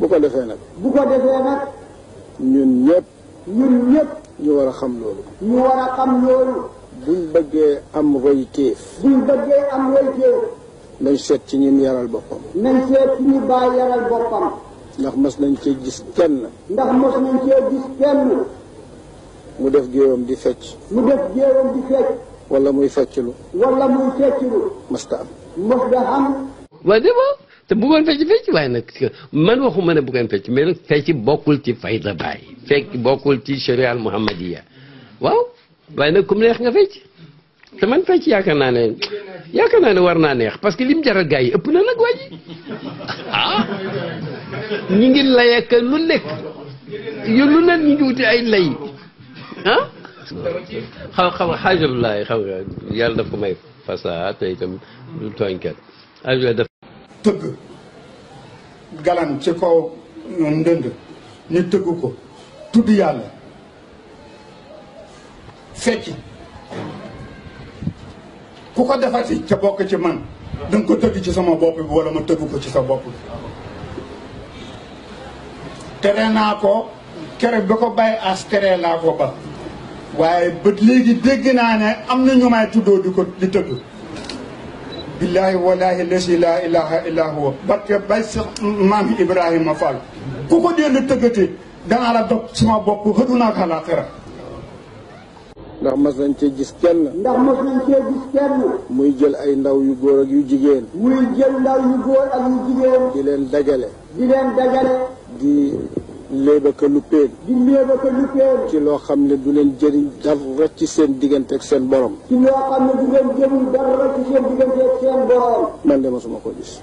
bu ko defee nag. bu ko defee nag. ñun ñëpp. ñun ñëpp. ñu war a xam loolu. ñu war a xam loolu. buñ bëggee am royteef. buñ bëggee am royteef. nañ seet ci ñim yaral boppam. nañ seet ci ñu bàyyi yaral boppam. ndax mas nañ cee gis kenn. ndax mas nañ cee gis kenn. mu def géewam di fecc. mu def géewam di fecc. wala muy fecclu. wala muy fecclu. masta am. masta am. wajaba. te bëggoon fecc fecc waaye nag man waxuma ne bëggoon fecc mais nag fecc bokkul ci fayda baay fekk bokkul ci sharia al muhammadiya waaw waaye nag kum neex nga fecc te man fecc yaakaar naa ne yaakaar naa ne war naa neex parce que lim jaral gars yi ëpp na nag waa ji ah ñu ngi lay ak lu nekk yu lu ne ñu ngi wuti ay lay ah. xaw xaw xaajabulaay xaw nga yàlla daf ko may fasaa te itam lu tooñkat tëgg galan ci kaw ndënd ñu tëgg ko tudd yàlla fecc ku ko defar defati ca bokk ci man danga ko tëgg ci sama bopp bi wala ma tëgg ko ci sa bopp bi tere naa ko kere ba ko bàyyi as tere laa ko ba waaye ba léegi dégg naa ne am na ñu may ko di tëgg billaahi wallaahi lasi laa ilaaha illaa huwa barke bay sa maam Ibrahima Fall ku ko dee na tëggate danaa la dog sama bopp xëdu naa ko àllaaxira ndax mas cee gis kenn. muy jël ay ndaw yu góor ak yu jigéen. muy jël ndaw yu góor ak yu jigéen. di leen dajale. léebaka lu péen di léebaka lu péen ci loo xam ne du leen jëriñ dara ci seen diggante ak seen borom ci loo xam ne du leen jëriñ dara ci seen diggante ak seen borom man de masuma ko gis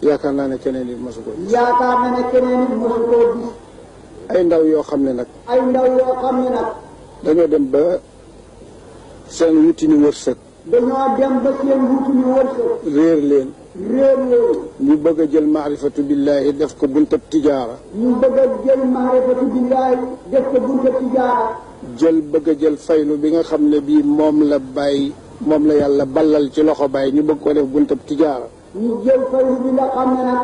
yaakaar naa ne keneen it masu koo gis yaakaar naa ne keneen it masu koo gis ay ndaw yoo xam ne nag ay ndaw yoo xam ne nag dañoo dem ba seen wuti ni wërsëg dañoo dem ba seen wuti wërsëg réer leen réer yooyu ñu bëgg a jël maarifatu billaahi def ko buntab tijaara ñu bëgg jël maarifatu billaahi def ko buntab tijaara jël bëgg a jël faylu bi nga xam ne bii moom la bàyyi moom yàlla ballal ci loxo bàyyi ñu bëgg ko def buntab tijaara ñu jël nag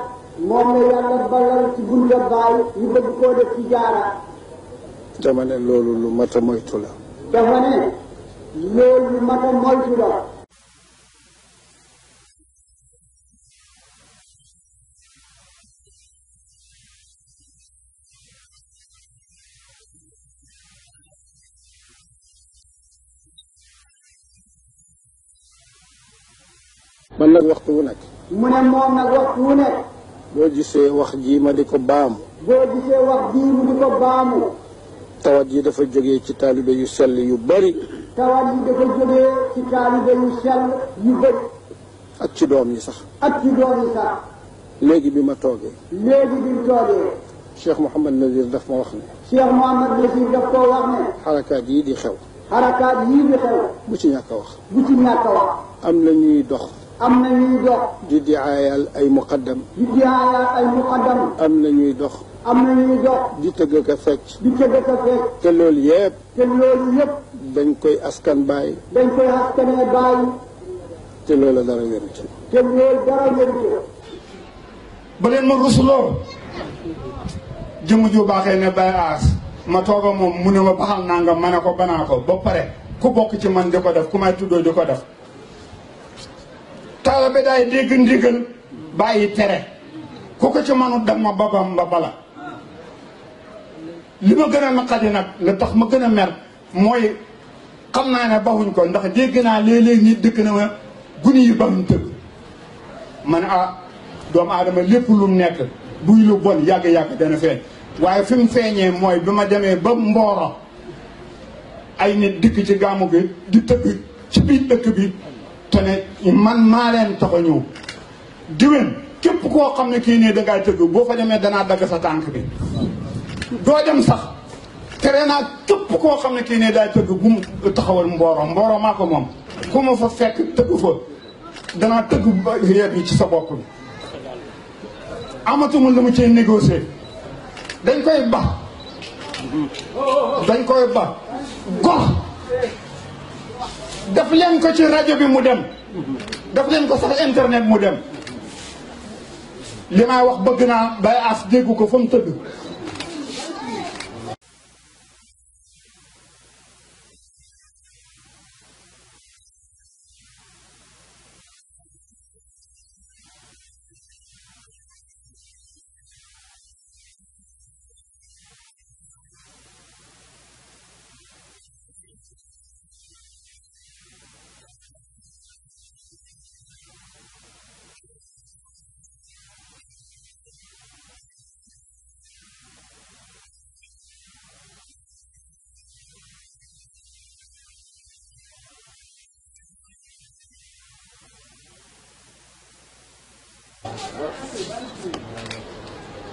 moom la yàlla ballal ci buntab bàyyi tijaara dama ne loolu lu mat a moytu la dama ne loolu lu mat a moytu la man nag waxtu wu nekk. mu ne moom nag waxtu wu nekk. boo gisee wax jii ma di ko baamu. boo gisee wax jii mu di ko baamu. tawat yi dafa jógee ci taalibe yu sell yu bari. tawat yi dafa jógee ci taalibe yu sell yu bari. ak ci doom yi sax. ak ci doom yi sax. léegi bi ma toogee. léegi bi mu toogee. Cheikh Mouhamad Nazir daf ma wax ne. Cheikh Mouhamad Nazir daf koo wax ne. xarakaat yii di xew. xarakaat yii di xew. bu ci ñàkk a wax. bu ci ñàkk a wax. am la ñuy dox. am na ñuy dox. di diaayal ay muqaddam. di diaayal ay muqaddam. am na ñuy dox. am na ñuy dox. di tëgg ka fecc. di tëgg ka fecc. te loolu yëpp. te loolu yëpp. dañ koy askan bàyyi. dañ koy askanee bàyyi. te loolu dara wéru ci. te loolu dara wéru ci. ba leen ma rusuloo jëmm ju baaxee ne bay aas ma tooga moom mu ne ma baxal naa nga ma ne ko banaa ko ba pare ku bokk ci man di ko def ku may tuddoo di ko def. taalibe daay dégg ndigal bàyyi tere ku ko ci manut dam ma babam ba bala li ma gën a naqadi nag la tax ma gën a mer mooy xam naa ne baxuñ ko ndax dégg naa léeg-léeg nit dëkk na ma guni yu baxuñ tëgg man ah doomu aadama lépp lu mu nekk buy lu bon yàgg-yàgg dana feeñ waaye fi feeñee mooy bi ma demee ba mbooro ay nit dikk ci gàmmu gi di tëgg ci biir dëkk bi te ne man maa leen tax a képp koo xam ne kii nii da ngaa tëgg boo fa demee danaa dagg sa tànk bi doo dem sax tere naa képp koo xam ne kii nii daay tëgg bu taxawal mbooro mbooro maa ko moom ku ma fa fekk tëgg fa danaa tëgg yet bi ci sa bopp bi amatuma lu mu cee négocier dañ koy ba dañ koy ba gox daf leen ko ci rajo bi mu dem def leen ko sax internet mu dem li may wax bëgg naa bay aas dégg ko fa mu tëdd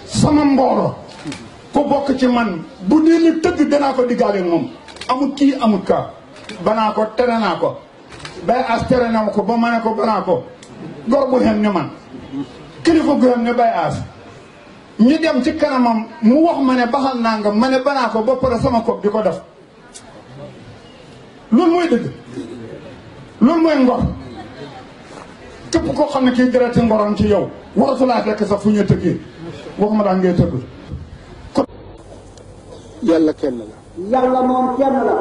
sama mbooloo ku bokk ci man bu dee ni tëgg danaa ko moom amul kii amul ka banaa ko tere naa ko bay as tere ko ba ma ne ko banaa ko gor bu xem ni man kilifa gu xem ni bay as ñu dem ci kanamam mu wax ma ne baxal naa nga ma ne ba pare sama kopp di ko def loolu mooy dëgg loolu mooy ngor képp koo xam ne kii dereeti ngorom ci yow waratu laa fekk sax fu ñu tëggee waxuma daal ngay tëgg. yàlla kenn la. yàlla moom kenn la.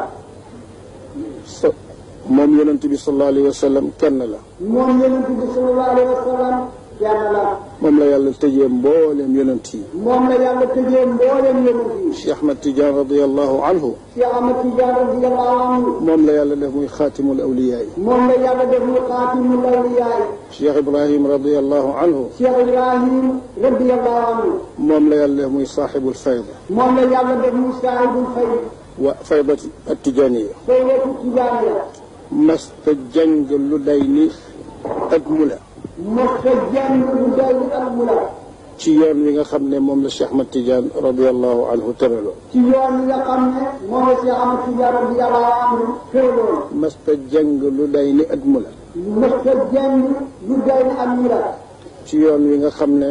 moom yonent bi sallallahu alayhi wa sallam kenn la. moom yonent bi sallallahu alayhi wa sallam kenn la. moom la yàlla tëjee mboolem yonent yi. moom la yàlla tëjee mboolem yonent yi. Cheikh Ahmad Tidiane radiyallahu anhu. Cheikh Ahmad Tidiane radiyallahu anhu. moom la yàlla def muy xaatimul awliyaa yi. moom la yàlla def muy xaatimul awliyaa yi. Cheikh Ibrahim radiyallahu anhu. Cheikh Ibrahim radiyallahu anhu. moom la yàlla def muy saaxibul fayda. moom la yàlla def muy saaxibul fayda. wa fayda at-tijaaniyya. fayda at-tijaaniyya. mas ta jàng lu day ni ak mu la. ci yoon wi nga xam ne moom la Cheikh Ahmad Tidiane radiyallahu anhu tëraloo. ci yoon wi nga xam ne moom la Cheikh Ahmad Tidiane radiyallahu anhu tëraloo. mësta jàng lu day ni at mu la. mësta jàng lu day ni at mu la. ci yoon wi nga xam ne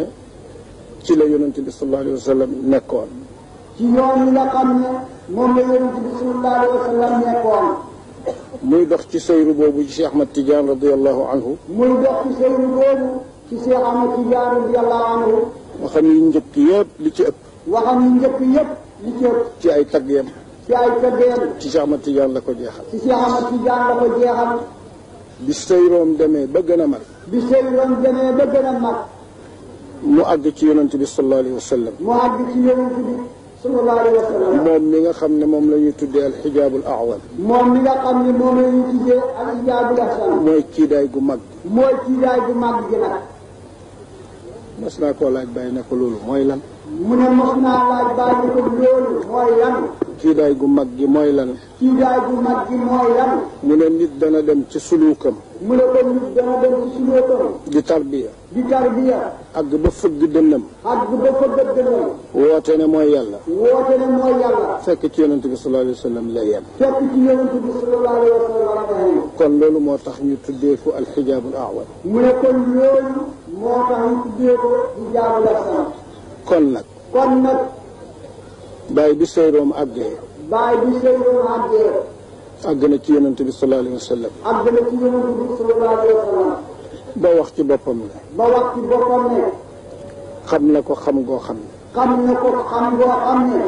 ci la yonent bi sallallahu alayhi wa sallam nekkoon. ci yoon wi nga xam ne moom la yonent bi sallallahu alayhi wa sallam nekkoon. موي دوخ سي سير بوبو سي احمد تيجان رضي الله عنه موي دوخ سي سير بوبو سي سي احمد تيجان رضي الله عنه وخام ني نجيك ييب لي سي اب وخام ني نجيك ييب لي سي اب سي اي تاغ ييب سي اي تاغ ييب سي سي احمد تيجان لاكو جيهال سي سي احمد تيجان لاكو جيهال بي سي روم ديمي با گنا مات بي سي روم ديمي با گنا مات مو اگ سي يونتي بي صلى الله عليه وسلم مو اگ يونتي بي sallallahu alayhi wa sallam moom mi nga xam ne moom la ñuy tuddee al xijaabul awal moom mi nga xam ne moom la ñuy tuddee al xijaabul aswad mooy kiidaay gu mag mooy kiidaay gu mag gi nag mas naa koo laaj bàyyi ne ko loolu mooy lan mu ne mas naa laaj bàyyi ne ko loolu mooy lan kiidaay gu mag gi mooy lan kiidaay gu mag gi mooy lan mu ne nit dana dem ci suluukam mu ne ko nit dana dem ci suñu kaw. di tarbiya. di tarbiya. ak ba fëgg dënnam. ak ba fëgg dënnam. woote ne mooy yàlla. woote ne mooy yàlla. fekk ci yonent bi sallallahu alayhi wa sallam la yem. fekk ci yonent bi sallallahu alayhi wa sallam kon loolu moo tax ñu tuddee ko alxijaab al awal. mu ne kon loolu moo tax ñu tuddee ko hijaab la sant. kon nag. kon nag. bàyyi bi sëyroom àggee. bàyyi bi sëyroom àggee. àgg na ci yonent bi sallallahu alayhi wa sallam. ba wax ci boppam ne. ba wax ci boppam ne. xam na ko xam goo xam ne. na ko xam goo xam ne.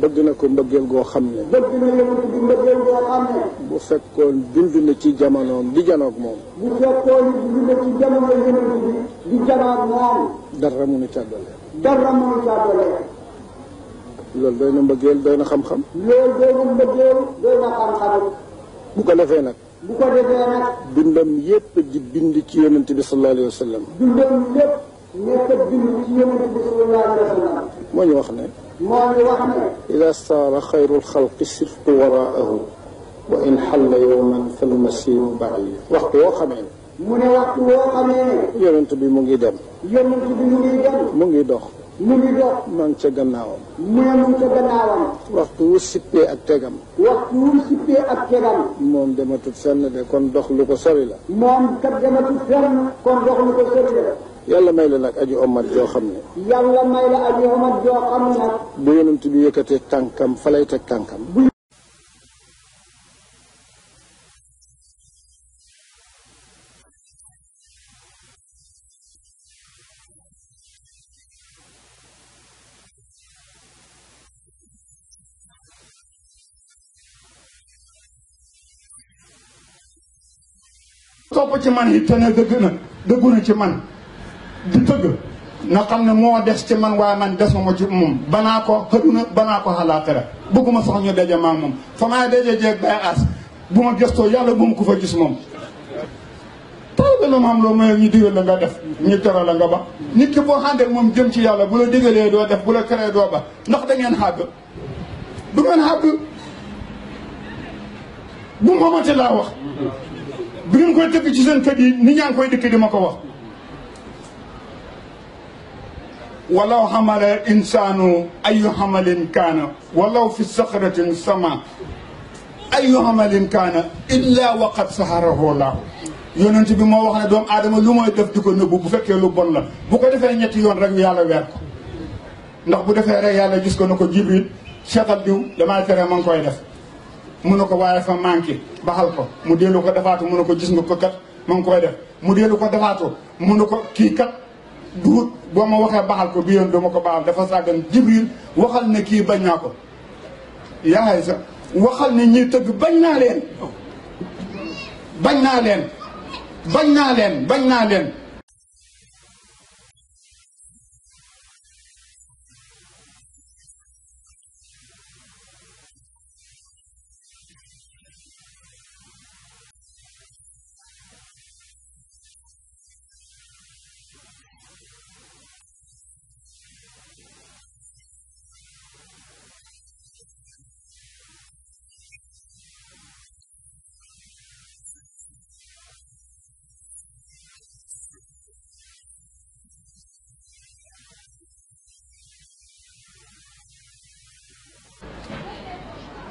bëgg na ko mbëggeel goo xam ne. bëgg na yonent bi mbëggeel goo xam ne. bu fekkoon bind na ci jamonoom di janoog moom. bu fekkoon bind na ci jamono yonent bi di janoog moom. dara mënu càggale. dara mënu càggale. لول داينا مبغيل داينا خام خام لول داينا مبغيل داينا خام خام بوكو ديفي نا بوكو بندم ييب جي بند تي يونت بي صلى الله عليه وسلم بندم ييب نيت بند تي يونت اذا صار خير الخلق سرت وراءه وان حل يوما فالمسير بعيد وقت وخمين موني وقت وخمين يونت بي موغي دم يونت بي موغي mu ngi dox. maa ngi ca gannaawam. mu ne mu ngi ca gannaawam. waxtu wu sippee ak tegam. waxtu wu sippee ak tegam. moom dematut fenn de kon dox lu ko sori la. moom kat dematut fenn. kon dox lu ko sori la. yàlla may la nag aji omat joo xam ne. yàlla may la aji omat joo xam ne. bu yonent bi yëkkatee tànkam fa lay teg tànkam. topp ci man it te ne dëgg na dëggu na ci man di dëgg na xam ne moo des ci man waaye man desuma ci moom banaa ko xëduna banaa ko xalaaxira bëgguma sax ñu daje maag moom fa maay daje jeeg bay as bu ma gëstoo yàlla bu ma ko fa gis moom taw la ma am loo mooy ñu digal la nga def ñu tere la nga ba nit ki boo xàndeek moom jëm ci yàlla bu la digalee doo def bu la keree doo ba ndox da ngeen xàgg du ngeen xàgg bu moomati laa wax bi ngeen koy tëgg ci seen kër yi nit ñaa koy dikk di ma ko wax walaw xamala insaanu ayu xamalin kaana walaw fi saxratin sama ayu xamalin kaana illa waqat saxarahu laahu yonent bi moo wax ne doomu aadama lu mooy def di ko nëbbu bu fekkee lu bon la bu ko defee ñetti yoon rek yàlla weer ko ndax bu defee rek yàlla gis ko na ko jibril seetal diw damay tere ma ngi koy def mun ne ko waaye fa manqué baxal ko mu dellu ko defaatu mu ne ko gis nga ko kat ma ngi koy def mu dellu ko defaatu mun ne ko kii kat duut boo ma waxee baxal ko bi yoon doo ma ko baxal dafa sàggan jibril waxal ne kii bañ naa ko yaay sa waxal na ñi tëgg bañ naa leen bañ naa leen bañ naa leen bañ naa leen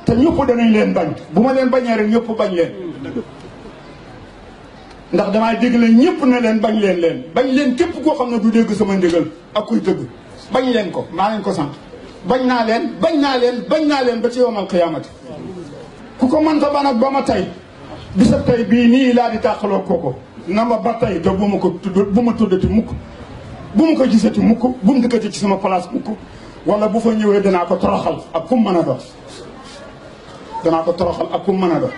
te ñëpp danañ leen bañ bu ma leen bañee rek ñëpp bañ leen ndax damaa dégle ñëpp ne leen bañ leen leen bañ leen képp koo xam ne du dégg sama ndigal ak kuy dëgg bañ leen ko maa leen ko sant bañ naa leen bañ naa leen bañ naa leen ba ci yowmal xiyaamati ku ko mën ta ban ak ba ma tey bisab tey bii nii laa di tàqaloo kooko na ma ba tey te bu ma ko tudd bu ma tuddati mukk bu ma ko gisati mukk bu mu dikkati ci sama place mukk wala bu fa ñëwee danaa ko toroxal ak fu mu a doon danaa ko toroxal ak ku mën a doon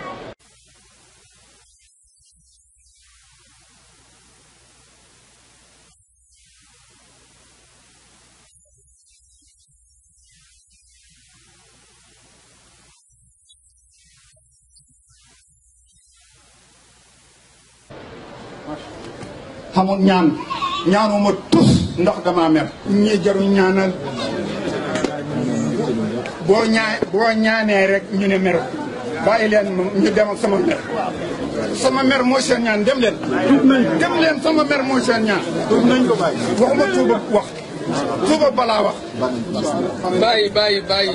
xamul ñaan ñaanuma tus ndax dama mer ñi jaru ñaanal boo ñaa boo ñaanee rek ñu ne mer bàyyi leen ñu dem ak sama mer sama mer mooy ñaan dem leen. tuub nañ sama mer mooy seen ñaan. tuub nañ ko bàyyi. waxuma tuuba wax tuuba balaa wax. bàyyi bàyyi bàyyi.